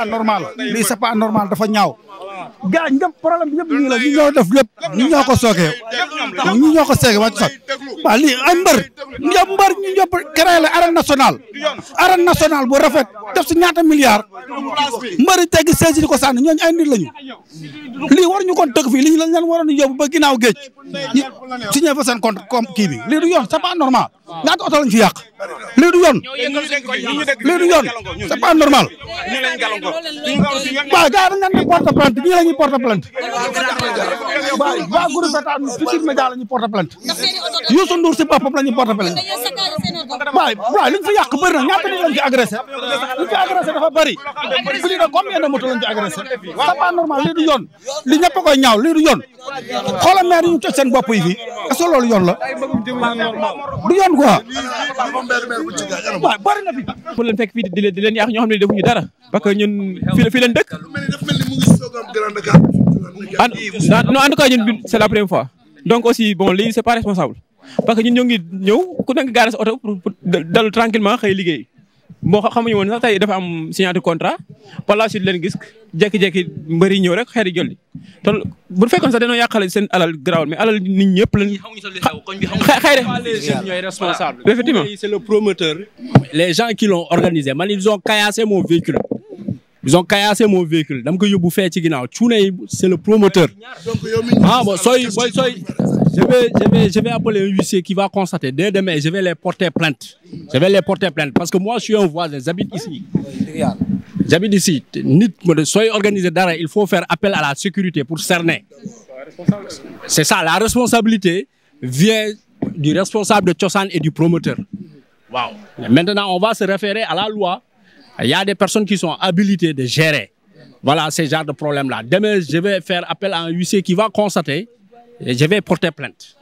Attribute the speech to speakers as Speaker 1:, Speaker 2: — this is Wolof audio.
Speaker 1: pas normal lii c'est pas normal dafa ñaaw. gaa ñëpp problème bi ñëpp ñu la ñu ñoo def lépp ñu ñoo ko sookee ñu ñoo ko sookee waa Cossack waaw lii ay mbër ñëpp mbër ñu ñëpp créé la arène nationale arène nationale bu rafet def si ñaata milliards mbëri teggi saisi di ko sànni ñooñu ay nit lañu lii war ñu kon tëgg fii li ñu leen waroon yóbbu ba ginnaaw géej ñu signé fa seen compte comme kii bi lii du yoon c'est pas ñaata oto lañ ci yàq lii du yoon lii du yoon c'est pas normal waaw gars yi dañ naan porte plainte ñii la ñuy porte plainte waaw waa groupe état Futurs Médias la ñuy porte plainte Youssou Ndour si boppam la ñuy porte plainte waaw waaw liñ fi yàq bëri na ñaata nit lañ ci agressé liñ fi agressé dafa bëri plus de combien de moto lañ ci agressé c'est normal lii yoon li ñëpp koy ñaaw lii yoon xoolal maire ñu toj seen yi fii est ce yoon la. du yoon quoi. waaw bari na fi. leen
Speaker 2: fekk fii di leen di leen yàq ñoo xam ne ñu dara parce que ñun fii la fii leen dëkk. ah non en tout cas ñun c' la première fois. donc aussi bon lii c' pas responsable. parce que ñun ñoo ngi ñëw ku nekk gaare sa oto pour dalu tranquillement xëy liggéey. boo xamuñu woon sax tey dafa am signature contrat par la suite leen gis jékki-jékki mbëri ñëw rek xeeti jolli te bu fekkoon sax dañoo yàqale seen alal garaawal mais alal nit ñëpp lañ. xëy
Speaker 3: na ñooy responsable. effectivement c'est le promoteur. les gens qui l'ont organisé man ils ont caillassé mon véhicule. ils ont caillassé mon véhicule dama ko yóbbu fee ci ginnaaw cuune c'est le promoteur. ah bon sooy booy sooy. je vais je vais je vais appeler un huissier qui va constater dès demain je vais les porter plainte. parce que moi suis un voisin j'habite ici. j'avais dit si nit sooy organiser dara il faut faire appel à la sécurité pour cerner c'est ça la responsabilité vient du responsable de cosaan et du promoteur waaw maintenant on va se référer à la loi il y a des personnes qui sont habilitées de gérer voilà ces genres de problèmes là demain je vais faire appel à un huissier qui va constater je vais porter plainte